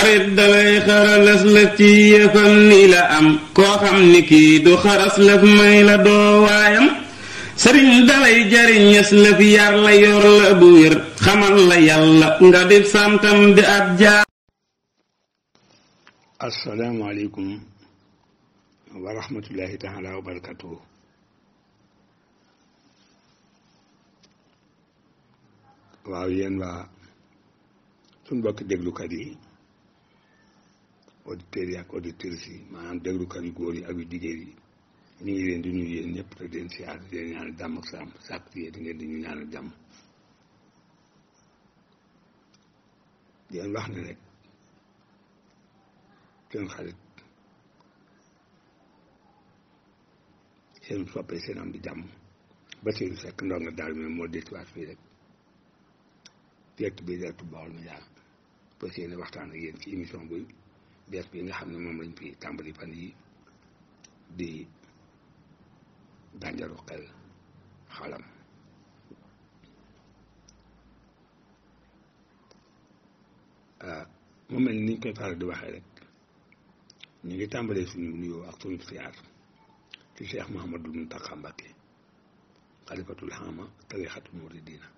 xarit dalay xaralas la ci yëfam ni la am koo xam ni kii du xaras laf may la doo waayam sëriñ dalay jariñes laf yar la yor la bu wér xamal la yàlla nga def santam di ab jaar assalaamu alaykum wa rahmatullahi taala wa barakatuhu waaw yéen waa suñ bokk déglukat yi auditeurs yi ak auditrices yi maanaam déglukat yu góor yi ak yu jigéen yi ñu ngi leen di nuyu yéen ñëpp te di leen siyaar di jàmm ak salaam sàkk ci yéen ngeen di ñu ñaanal jàmm di leen wax ne rek seen xarit seen soppe seen am di jàmm ba seen fekk ndongo daal moo dellusiwaat fii rek direct bi direct Baol Médias fas yéene waxtaan ak yéen ci émission bi bees bi nga xam ne moom lañ fi tàmbali fan yi di dànjaru xel xalam ah, mu mel ni koy fara di waxee rek ñu ngi tàmbalee suñu nuyoo ak suñu siyaar ci Cheikh Mouhamadou Mountakha Mbacké xalifatul xaama tarixatul muridina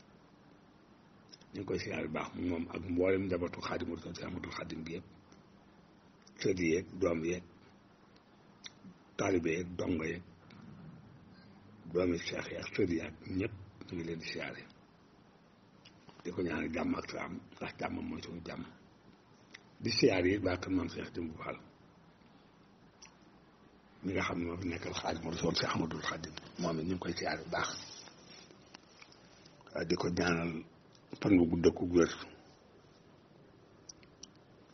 ñu ngi koy siyaar bu baax moom ak mboolem njabootu Xaadimu Rasuul Cheikh Ahmadou Xaadim bi yëpp sët yeeg doom yeeg taalibe yeeg dongo yeeg doomi seex yi ak sët yi ak ñëpp ñu ngi leen di siyaare di ko ñaanal jàmm ak salaam ndax jàmm mooy suñu jàmm di siyaare yi baa kër maam seex Jëmbu Faal mi nga xam ne moo nekk nekkal xaaj moo doon si Ahmadul Xaadim moom it ñu ngi koy siyaare bu baax ko ñaanal fan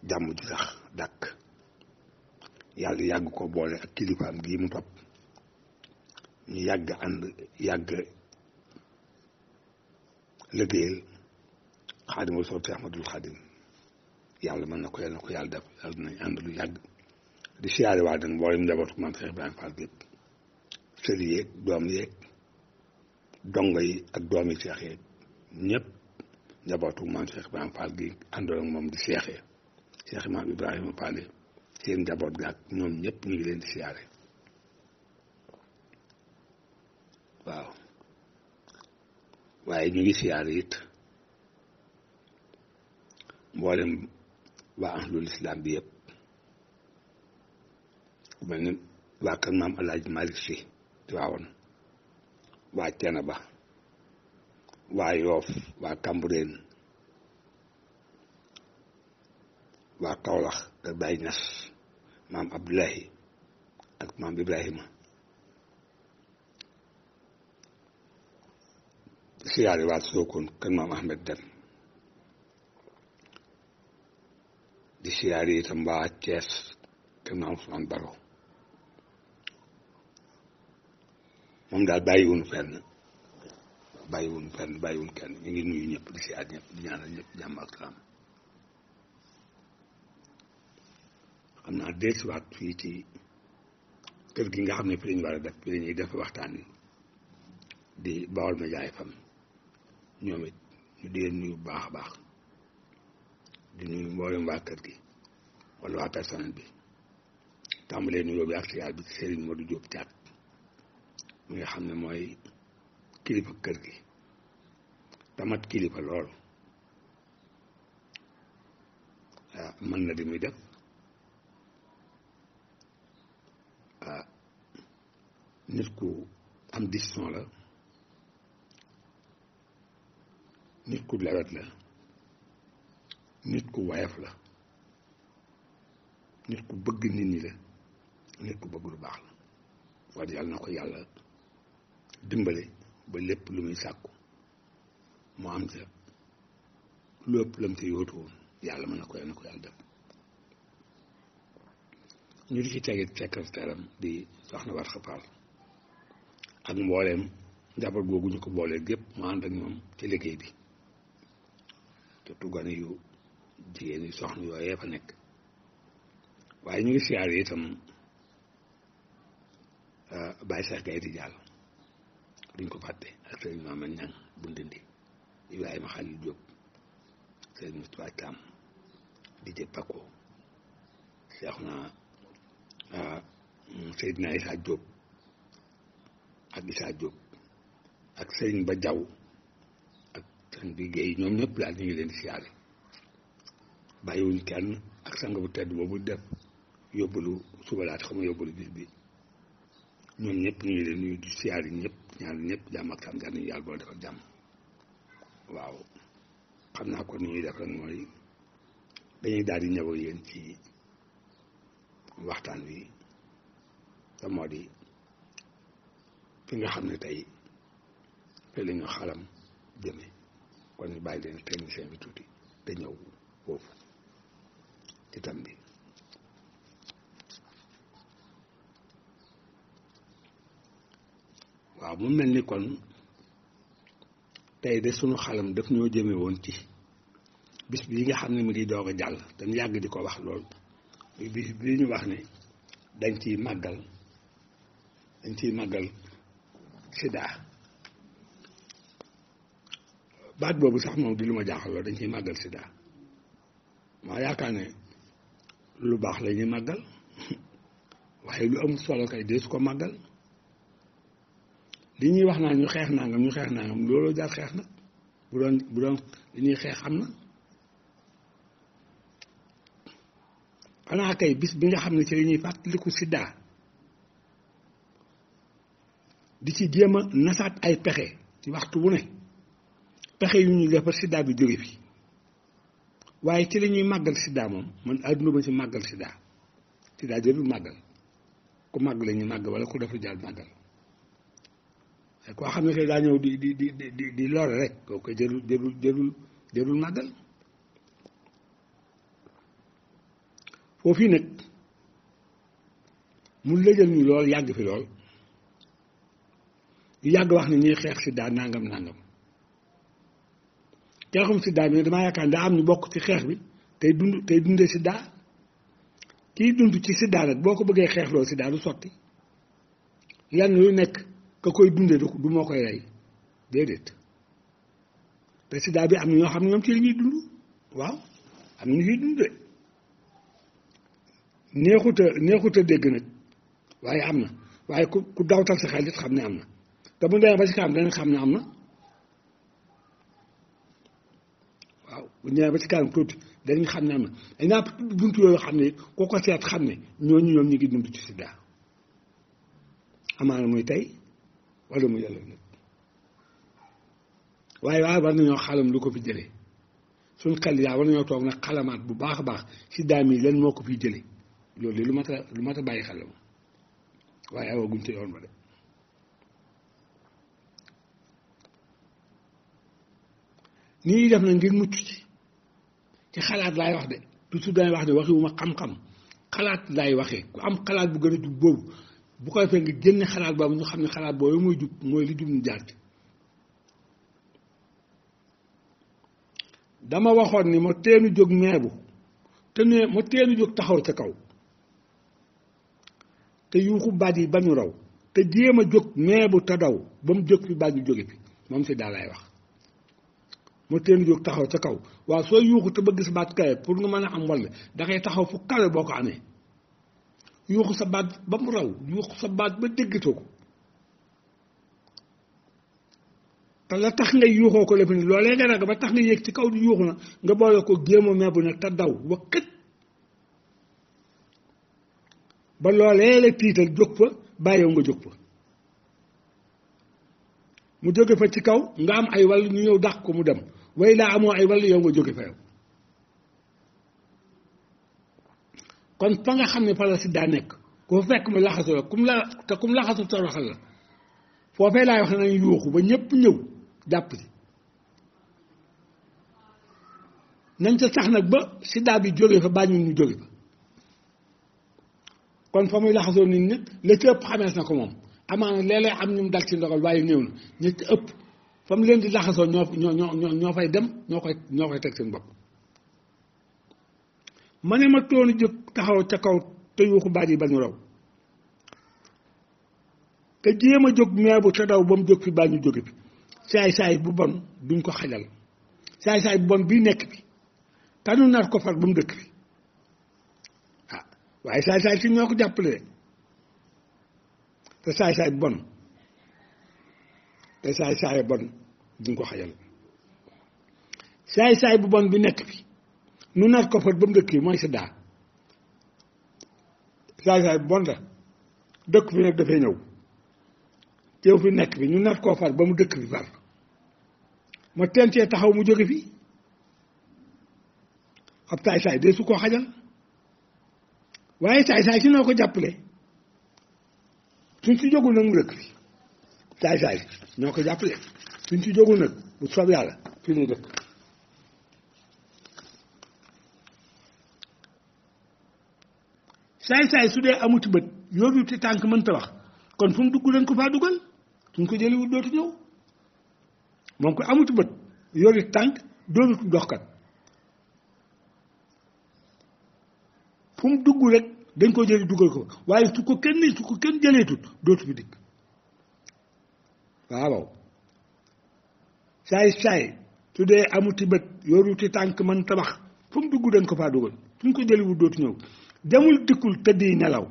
jàmm ju yàlla yàgg ko boole ak kilifaam gii mu topp ñu yàgg ànd yàgg liggéeyal xaadimal sotti ahmadul xaadim yàlla mën na ko yàlla na ko yàlla def yàlla dinañ ànd lu yàgg di siyaare waa den mboolem njabootu maam Cheikh Ibrahima Fall gépp sëri yeeg doom yeeg moom di seexee Cheikh Imaam Ibrahima Fall seen njaboot gaag ñoom ñëpp ñu ngi leen di siyaare waaw waaye ñu ngi siyaare it mboolem waa ahlul islam bi yëpp ku mel ni waa kër maam El Hadj Malick si waawoon waa Thiénaba waa Yoof waa Cambérène waa Kaolack kër Baye Niass maam Abdullahi ak maam Ibrahima siyaare waat Sokone kan maam Ahmed Dem di siyaare itam waa Thiès kan maam Ousmane Baro moom daal bàyyiwuñu fenn bàyyiwuñu fenn bàyyiwuñu kenn ñu nuyu ñëpp di siyaare ñëpp di ñaanal xam naa dellusiwaat fii ci kër gi nga xam ne fi lañu war a def fi lañuy def waxtaan wi di Baol Médias FM ñoom it ñu di leen bu baax a baax di nuyu mboolem waa kër gi wala waa personnel bi tàmbalee nuyoo bi ak siyaar bi ci Serigne Modou Diop Thiat mi nga xam ne mooy kilifa kër gi tamat kilifa lool waaw ah, mën na di muy def nit ku am décision la nit ku lawet la nit ku wayaf la nit ku bëgg nit ñi la nit ku bëgg lu baax la waaye yàlla na ko yàlla dimbale ba lépp lu muy sàkku mu am ca lépp lam ca yóotu woon yàlla mën na ko yàlla na ko yàlla def ñu di ci tegit fekkasteeram di soxna war xapaal ak mbooleem njaboot googu ñu ko boolee gépp mu ànd ak ñoom ci liggéey bi te tuggane yu jigéen yu soxna yooyee fa nekk waaye ñu ngi siyaar yi itam bàyyi sax gay di jàll duñ ko fàtte ak sëriñ Mamadou Niang bu Ndindi Ibrahima Khalil Diop sëriñ Moustapha Thiam di jë Pako seex na Seydina Issa Diop ak Issa Diop ak sëriñ ba jaw ak sëriñ bi géey ñoom ñëpp daal ñu ngi leen siyaare bàyyiwuñ kenn ak sang bu tedd boobu def yóbbalu subalaat xam yóbbalu bis bi ñoom ñëpp ñu ngi leen nuyu di siyaare ñëpp ñaan ñëpp jàmm ak sam jànn yàlla defal jàmm waaw xam naa ko ni def rek mooy dañuy daal di ñëw ak ci waxtaan wi te moo fi nga xam ne tey fi ñu xalam jëmee kon ñu bàyyi leen technicien bi tuuti te ñëw foofu ci bi waaw mu mel ni kon tey de sunu xalam daf ñoo jëme woon ci bis bi nga xam ne mu di doog a jàll dañ yàgg di ko wax lool bis bi ñu wax ne dañ ciy màggal dañ ciy màggal sida baat boobu sax moom di lu ma jaaxal loolu dañ ciy màggal sida maa yaakaar ne lu baax la ñuy màggal waaye lu amul solo kay dee su ko màggal li ñuy wax naa ñu xeex nangam ñu xeex nangam looloo jaar xeex na bu doon bu doon li ñuy xeex am na xanaa kay bis bi nga xam ne ci li ñuy fàttaliku sida di ci jéem a nasaat ay pexe ci waxtu wu ne pexe yu ñuy defar sida bi jóge fi waaye ci la ñuy màggal sida moom man àdduna ba ci màggal sida sida jël du màggal ku màgg la ñu màgg wala ku def lu jàll màggal koo xam ne daa ñëw di di di di di lore rek kooku jëlul jëlul jëlul jëlul màggal foofii nag mu lëjal ñu lool yàgg fi lool yàgg wax ne ñuy xeex sida nangam nangam xeexum sida bi damaa yaakaar daa am ñu bokk ci xeex bi tey dund tey dundee sida kiy dund ci sida nag boo ko bëggee xeexloo sida du sotti lenn lu nekk koy dundee du moo koy rey sida bi am ñoo xam ne ñoom ci li ñuy dund waaw am na ñu ciy dund de dégg nag waaye am na waaye ku ku dawtal sa xel xam ne am na. te bu ñu demee ba si xam ne am na waaw bu ñu demee ba si tuuti dinañ xam ne am na dañ naa buntu yooyu xam ne koo ko seet xam ne ñooñu ñoom ñu ngi dund ci sida amaana muy tey wala mu yàlla nag waaye waaye war ñoo xalam lu ko fi jëlee suñ xel yaa war nañoo toog nag xalamaat bu baax a baax sida mi lan moo ko fi jëlee loolu lu mat lu mat a bàyyi xel la moom waaye awaguñ te yoon ba de. nii def na ngir mucc ci ci xalaat laay wax de toujours daay wax de waxiwuma xam-xam xalaat laay waxe ku am xalaat bu gën a jub boobu bu ko defee nga génne xalaat boobu ñu xam ne xalaat boobu mooy jub mooy li jub ñu jaar ci dama waxoon ni ma teenu jóg meebu te ne ma teenu jóg taxaw ca kaw te yuuxu baat yi ba ñu raw te jéem a jóg meebu te daw ba mu jóg fi baat ñu jóge fi moom si daal laay wax mu teen jóg taxaw ca kaw waaw soo yuuxu te ba gis baat kawe pour nga mën a am wàll da ngay taxaw fu kawe boo ko amee yuuxu sa baat ba mu raw yuuxu sa baat ba déggatoo ko te la tax ngay yuuxoo ko lépp nii loolee nga nag ba tax nga yéeg ci kaw di yuuxu na nga boole ko gémma mebu na te daw wakkat ba loolee la tiital jóg fa bàyyiw nga jóg fa mu jóge fa ci kaw nga am ay wàll ñu ñëw daq ko mu dem way laa amoo ay wàll yow nga jóge fa yow kon fa nga xam ne fa la si daa nekk ku fekk mu laxasu la kum la kum laxasu toroxal la foofee laay wax nañ yuuxu ba ñëpp ñëw jàpp si nañ sa sax nag ba si bi jóge fa bàññu ñu jóge fa kon fa muy laxasoo nit ñi la ci ëpp xamees na ko moom amaana léeg-léeg am ñu mu dal ci ndogal waaye néew na ñi ci ëpp fa mu leen di laxasoo ñoo ñoo ñoo ñoo fay dem ñoo koy ñoo koy teg seen bopp ma ne ma toonu jóg taxaw ca kaw te yuuxu baat yi ba ñu raw te jéem a jóg meebu te daw ba mu jóg fi baa ñu jóge fi saay saay bu bon ko xajal saay saay bu bon bii nekk bi tanu nar ko far ba mu dëkk fi waaye saay saay si ñoo ko jàppale de te saay saay bu bon te saay saay bon duñ ko xajal saay saay bu bon bi nekk fi nu nar ko fa ba mu dëkk yi mooy dëkk fi nag dafay ñëw te fi nekk bi ñu nar koo far ba mu dëkk fi far ma tentee taxaw mu jóge fi ab saay saay dee su koo xajal waaye saay saay si noo ko jàppale suñ si jógul nag mu dëkk fi saay saay ñoo ko jàppale suñ ci jógul nag bu soob yàlla fii lay dëkk saay saay su dee amuti bët yooru te tànk mënta wax kon fu mu dugg leen ko faa dugal suñ ko jëliwul dootu ñëw moom ko amuti bët yooru tànk dootu doxkat fu mu dugg rek dañ ko jëli dugal ko waaye su ko kenn su ko kenn jëleetut dootu fi dikk waaw saay saay su dee amuti bët yoruti tànk man tabax fu mu dugg dañ ko faa dugal fu ñu ko jëliwul dootu ñëw demul dikkul tëddi nelaw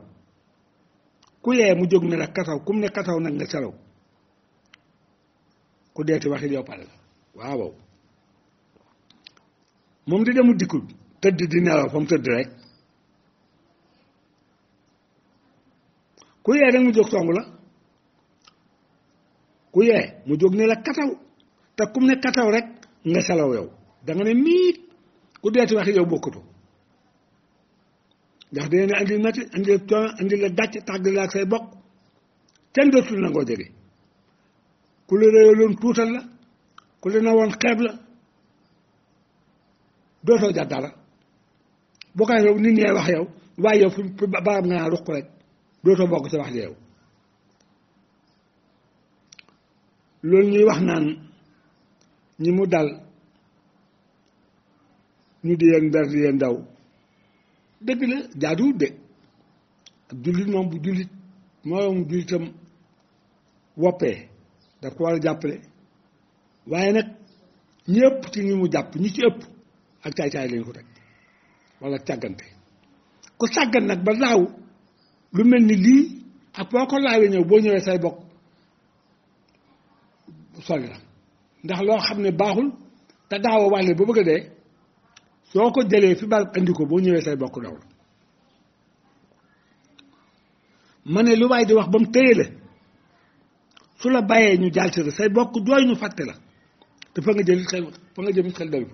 ku yee mu jóg ne la kasaw kum ne kasaw nag nga selaw ku deeti waxit yow pare waaw moom di demul dikkul tëdd di nelaw fa mu tëdd rek ku yee rek mu jóg song la ku yee mu jóg ne la kataw te kum ne kataw rek nga salaw yow da ne miit ku deeti wax yow bokkatu ndax dina ne andi métti andi la coono tàgg la ak say bokk kenn dootul nangoo jege ku la réyaloon tuutal la ku la nawoon xeeb la dootoo jar dara boo ko yow nit ñee wax yow waaye yow fu barab nga naa ruq rek dootoo bokk ci wax ji yow loolu ñuy wax naan ñi mu dal ñu di yeen mber di yeen daw dëgg la jaaduwut de ak jullit moom bu jullit moroomu jullitam woppee daf ko war a jàppale waaye nag ñi ëpp ci ñi mu jàpp ñi ci ëpp ak caay-caay lañu ko teg wala càggante ku sàggan nag ba laaw lu mel ni lii ak boo ko laawee ñëw boo ñëwee say bokk sori la ndax loo xam ne baaxul te daawa wàlle bu bëgg a dee soo ko jëlee fi bal indi ko boo ñëwee say bokk daw la ma ne lu waay di wax ba mu téye la su la bàyyee ñu jaal ci say bokk jooy ñu fàtte la te fa nga jël xel fa nga jëm xel dal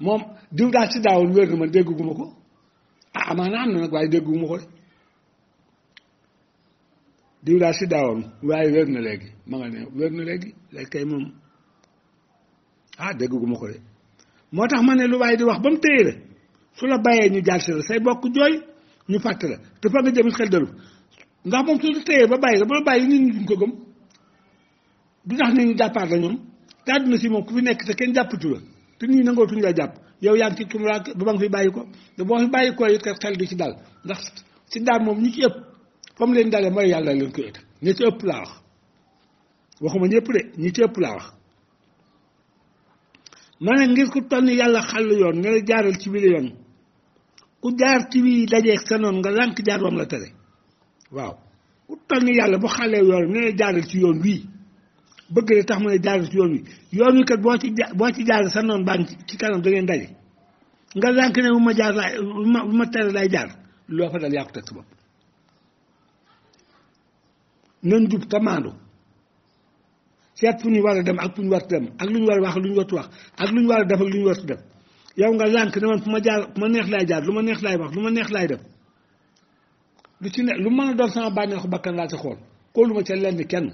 moom diw daal si daaw wér na ma dégguma ko ah amaana am na nag waaye dégguma ko de diw si daawoon waaye wér na léegi ma nga ne wér na léegi léegi moom ah dégg gu ma ko de moo tax ma ne lu waaye di wax ba mu téye la su la bàyyee ñu jaal la say bokk jooy ñu fàtte la te fa nga jëm xel dalu ndax moom su la ba bàyyi la ba bàyyi ko gëm du tax nit ñi jàppaat la ñoom te àdduna si moom ku fi nekk te kenn jàppatu la te nit ñi nangootuñu la jàpp yow yaa ngi ci tumuraak ba ba nga fi bàyyi ko te boo fi bàyyi ko it xel du ci dal ndax si daal moom ñi ci ëpp. comme leen dalee mooy yàlla leen koy itam ñi ci ëpp laa wax waxuma ñëpp de ñi ci ëpp laa wax ma ne ngir ku tànn yàlla xàll yoon nga ne ci biir yoon ku jaar ci biir dajeeg nga lànk jaar la tere waaw ku yàlla bu xàllee yoon nga ne ci yoon wii bëgg de tax mu ne jaaral ci yoon wi yoon wi kat boo ci boo ci jaar sa noonu baa ci kanam da ngeen daje nga lànk ne bu ma jaar laay bu ma tere lay jaar loo fa dal yàqu teg sa bopp nan jub te maandu seet fu ñu war a dem ak fu ñu war dem ak lu ñu war a wax ak lu ñu wartu wax ak lu ñu war a def ak lu ñu wartu def yow nga lànk ne man fu ma jaar ma neex laay jaar lu ma neex laay wax lu ma neex laay def lu ci ne lu mën a doon sama bànneexu bakkan laa ci xool koo lu ma ca lenn kenn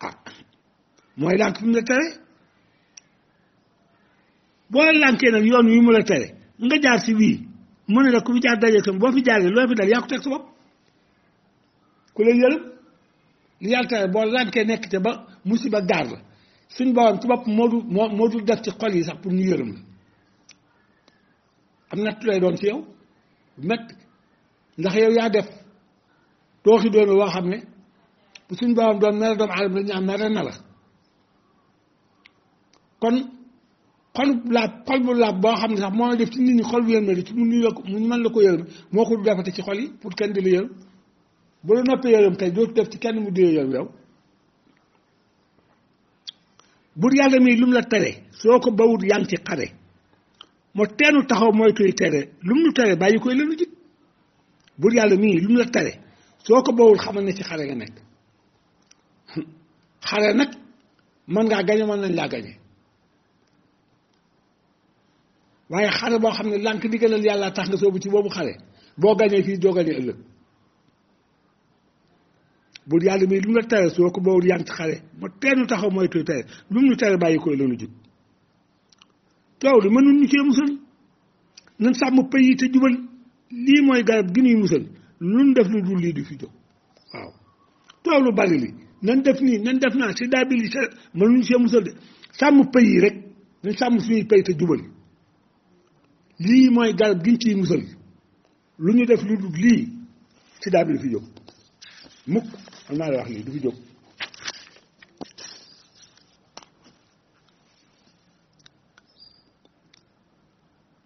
ah mooy lànk fi mu la tere boo lànkee nag yoon wi mu la tere nga jaar si wii mu ne la ku fi jaar dajee tam boo fi jaaree loo fi dal yaa sa bopp ku la yël li yàlla boo lankee nekk te ba musiba gaar la suñ borom ci bopp moo dul moo moo dul def ci xol yi sax pour ñu yërëm la am nattu lay doon ci yow métti ndax yow yaa def tooxi doon woo xam ne bu suñ borom doon mel doomu aadama dañu am mere na la kon xol laab xol bu laab boo xam ne sax moo def ci nit ñi xol bu yërmande ci mu nuyu la mën la ko yërëm moo ko du defati ci xol yi pour kenn di la yërëm bu la noppee yooyam kay dootu def ci kenn mu dee yow yow bur yàlla mii lu mu la tere soo ko bawut yaa ci xare moo teenu taxaw mooy koy tere lu mu nu tere bàyyi koy lenu jik bur yàlla mii lu mu la tere soo ko bawul xamal na ci xare nga nekk xare nag mën ngaa gañe man nañ laa gañe waaye xare boo xam ne lànk ndigalal yàlla tax nga soobu ci boobu xare boo gañee fii doo gañee ëllëg bul yàlla mi lu mu la tere soo ko boobu yaa ngi ci xale ma teenu taxaw mooy tuy tere lu mu ñu tere bàyyi koy loolu jub coow li mënul ñu cee sàmm pay yi te lii mooy garab gi ñuy musal lu def lu dul lii du fi def nii nan def naa si daa bi li mënul ñu cee musal de sàmm pay yi rek nan sàmm suñuy pay te jubal lii mooy garab gi ñu ciy musal lu ñu def lu dul lii si daa fi jóg am naa la wax lii du fi jóg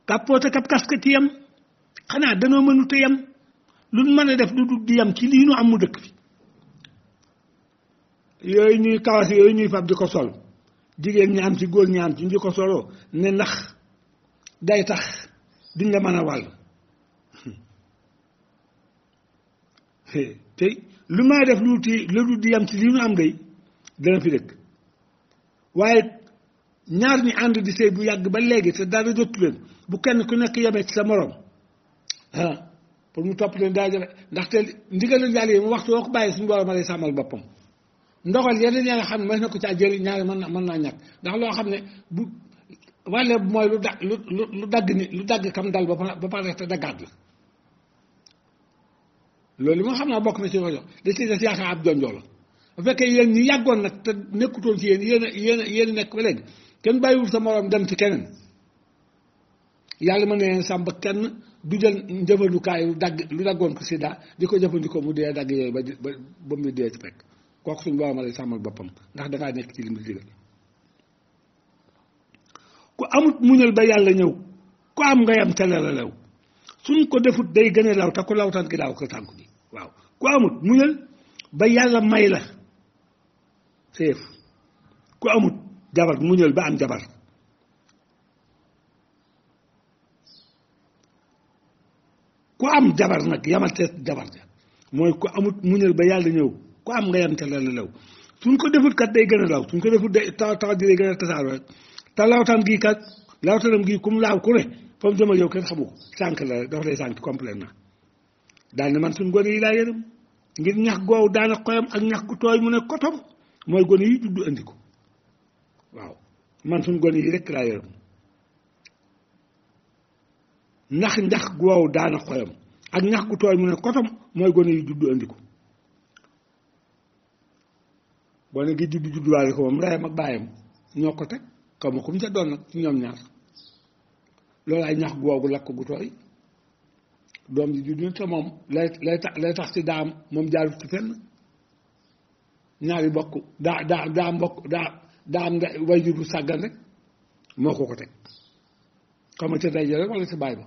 kàppoote kap kas ci yam xanaa danoo mënut a yam lu mën a def du dugg di yam ci lii nu am mu dëkk fi yooyu ñuy kawas yooyu ñuy fab di ko sol jigéen ñi am ci góor ñi am ci ñu ko soloo ne ndax day tax diñ la mën a wàll tey lu may def lu ti lu di yam ci li ñu am day dana fi dëkk waaye ñaar ñi ànd di sëy bu yàgg ba léegi te dara jotu leen bu kenn ku nekk yemee ci sa morom ah pour mu topp leen daa jafe ndaxte ndigalu yàlla yi mu waxtu woo ko bàyyi suñu borom a lay sàmmal boppam ndogal yeneen yaa nga xam ne mën na ko caa jëriñ ñaar mën na mën naa ñàkk ndax loo xam ne bu wàlle mooy lu da lu dagg ni lu dagg kam dal ba pare te daggaat la loolu moo xam naa bokk na ci rajo da ci des yaakaar ab jonjoo la bu fekkee yéen ñu yàggoon nag te nekkutoon ci yéen yéen a yéen yéen nekk ba léegi kenn bàyyiwul sa moroom dem ci keneen yàlla mën na leen sàmb kenn du jël njëfandukaay lu dagg lu daggoon ko sida di ko jëfandikoo mu dee dagg yooyu ba ba ba mu dee ci fekk kooku suñu borom lay sàmmal boppam ndax dangaa nekk ci li mu digal ku amut muñal ba yàlla ñëw ko am nga yam tele la lew suñ ko defut day gën a law te ku ki daaw ko tànku waaw ku amut muñal ba yàlla may la ku amut jabar muñal ba am jabar ku am jabar nag yamal te jabar ja mooy ku amut muñal ba yàlla ñëw ku am nga yam te la lew suñ ko defut kat day gën a law suñ ko defut day taw taw ji day gën a tasaaroo gii kat lawtanam kum laaw ku ne fa mu jëm ak yow kenn xamu ko sànq la dafa lay sànq complètement daal ne man suñ gone yi laa yërëm ngir ñax goow daana xoyam ak ñax gu tooy mu ne kotom mooy gone yi juddu andi ko waaw man suñ gone yi rekk laa yërëm ndax ñax goow daana xoyam ak ñax gu tooy mu ne kotom mooy gone yi juddu andi ko gone gi juddu judduwaale ko moom ak baayam ñoo ko teg xaw ma ku mu doon nag ci ñoom ñaar loolu ay ñax googu lakk gu tooy doom ji juddu te moom lay lay tax lay tax ci daam moom jaarut ci fenn ñaari bokk daa daa daa mbokk daa daam nga way jur bu sàggan rek moo ko ko teg xam nga ca day rek wala sa baay ba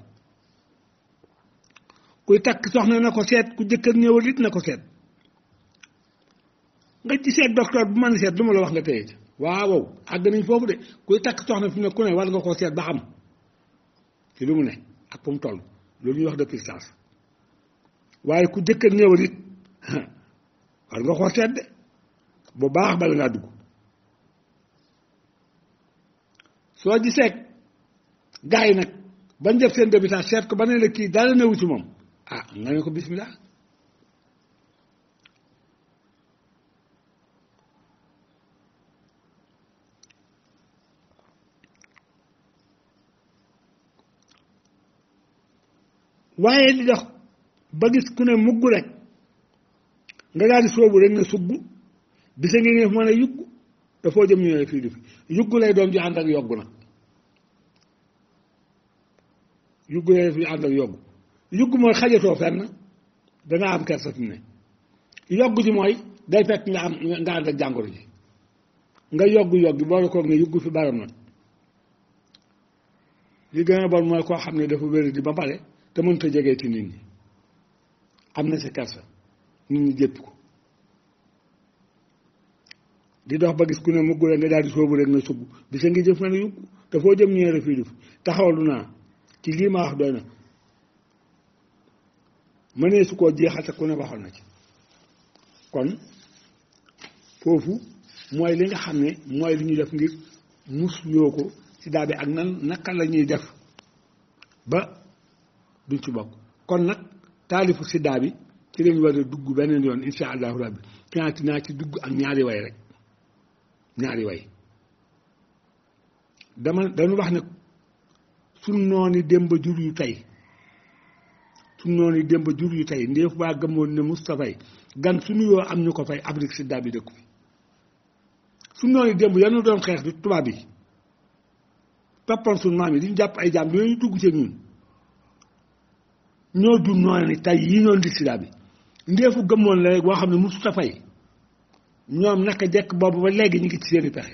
kuy takk soxna na ko seet ku jëkkër ñëwal it na ko seet nga ci seet docteur bu man seet lu ma la wax nga téye ca waaw àgg nañ foofu de kuy takk soxna fi ne ku ne war nga koo seet ba xam ci lu mu ne ak fu mu loolu ñuy wax dépistage waaye ku jëkk a néewal it war nga ko seet de bu baax bala ngaa dugg soo gisee gars yi nag bañ def seen dépistage seet ko ba ne la kii dara newu ci moom ah nga ne ko bismillah waaye di dox ba gis ku ne mugg rek nga daal di soobu rek nga sugg bisa ngi ngeef mën a yugg dafoo jëm ñëwee fii di fi yugg lay doon ju ànd ak yogg na yugg lay doon ju ànd mooy xajatoo fenn danga am kersa fi ne yogg ji mooy day fekk nga am nga ànd ak jàngoro ji nga yogg yogg boole koog ne yugg fi baram nag li gën a bon mooy koo xam ne dafa wér di ba pare te mënut a jege ci nit ñi am na ci kersa nit ñi jëpp ko di dox ba gis ku ne mugg rek nga daal di sóobu rek na subb bi sa ngi jëf nga ne yukk te jëm ñu ne fii def taxawlu naa ci lii ma wax doy na mënee su koo jeexal te ku ne waxoon na ci kon foofu mooy li nga xam ne mooy li ñuy def ngir musloo ko ci daal ak nan naka la ñuy def ba duñ ci bokk kon nag taalifu siddaa bi ci lañ war a dugg beneen yoon insha allahu rabbi finaati naa ci dugg ak ñaari way rek ñaari way dama dañu wax ne suñ nooni démb jur yu tey suñ yu tey ndéef waa gëmoon ne Mustafay gan suñu yoo am ñu ko fay Afrique siddaa bi dëkku fi suñ nooni démb yanu doon xeex tubaab yi toppoon suñ maam yi diñ jàpp ay jaam yooyu dugg ci ñun ñoo jur noonu tey yi ñoo indi sida bi ndeefu gëmmoon la rek boo xam ne mosut a fay ñoom naka jekk boobu ba léegi ñu ngi ci seeni pexe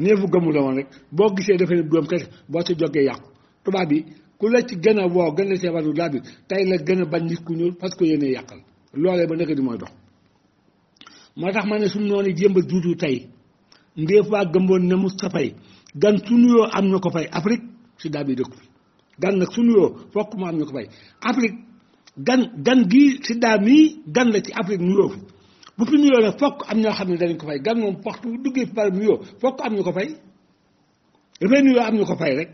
ndeefu gëmmu la woon rek boo gisee dafa ne doom kese boo ca jógee yàqu tubaab bi ku la ci gën a woo gën a seebaru daal tey la gën bañ ku ñuul parce que yéene yàqal loolee ba nekk di mooy dox moo tax ma ne suñu noonu jéem a juutu tey ndeefu waa gëmboon ne mosut a gan su nuyoo am na ko fay Afrique sida bi dëkk fi gan nag su nuyoo fokk mu am ñu ko bay Afrique gan gan gii si daa mii gan la ci Afrique nuyoo fi bu fi nuyoo nag fokk am ñoo xam ne danañ ko fay gan moom waxtu bu duggee fi bari am ñu ko fay dafay nuyoo am ñu ko fay rek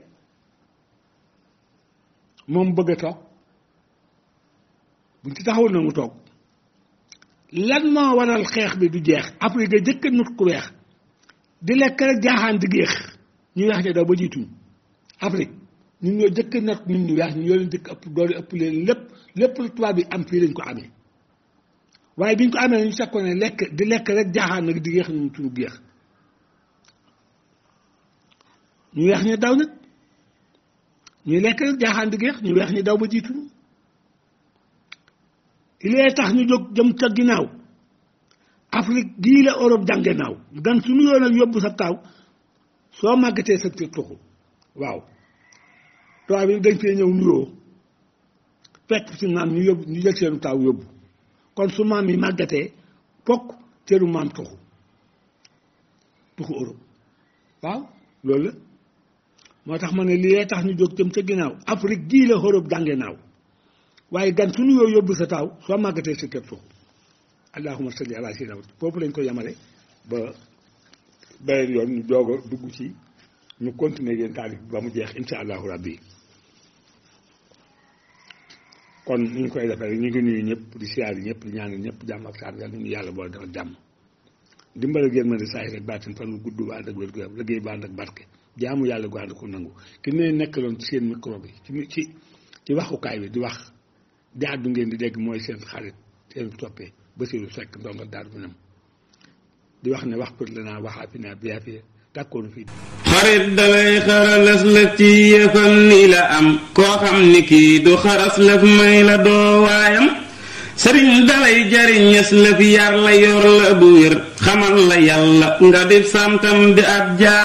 moom bëgg a toog buñ ci taxawul na mu toog lan moo waral xeex bi du jeex Afrique jëkk nut ku weex di lekk rek jaaxaan di géex ñu weex ñi daw ba jiituñ Afrique ñu ñoo jëkk nag nit ñu weex ñu ñoo leen jëkk ëpp doole ëpp leen lépp lépp lu tubaab bi am fii lañ ko amee waaye biñ ko amee ñu sekkoon ne lekk di lekk rek jaaxaan nag di yéex ñu suñu géex ñu weex ñu daw ñu lekk rek jaaxaan di géex ñu daw ba jiitu ilee tax ñu jóg jëm ca ginnaaw Afrique gii la Europe jànge naaw gan suñu yoon ak yóbbu sa taaw soo màggatee sa tuxu waaw tubaab yi dañ fee ñëw nuyoo fekk ci maam ñu yóbbu ñu jël seenu taaw yóbbu kon su maam yi màggatee fokk seenu maam tuxu tuxu Europe waaw loolu la moo tax ma ne lii tax ñu jóg jëm ca ginnaaw Afrique gii la Europe dànge naaw waaye gan su nuyoo yóbbu sa taaw soo màggatee sa kër tuxu allahuma salli ala sayyidina foofu lañ ko yemale ba beneen yoon ñu doog dugg ci ñu continuer yéen taalif ba mu jeex insha allahu rabbi kon ni ñu koy defee ñu ngi nuyu ñëpp di siyaar ñëpp di ñaanal ñëpp jàmm ak saar yàlla ñu yàlla boole dafa jàmm dimbal ak yërmande saa yi rek baatin fan gudd waa ànd ak wér gu yaram liggéey bu ànd ak barke jaamu yàlla gu ànd ko nangu ki ne nekkaloon ci seen micro bi ci ci ci waxukaay bi di wax di àddu ngeen di dégg mooy seen xarit seen toppee Bassirou Seck ndongo daal bu nam di wax ne wax pour la naa waxaa fi naa tàkkoon fii xarit dalay xaralas la ci yëfal ni la am koo xam ni kii du xaras laf may la doo sëriñ dalay jariñes laf yar la yor la bu wér xamal la yàlla nga di santam di ab jaar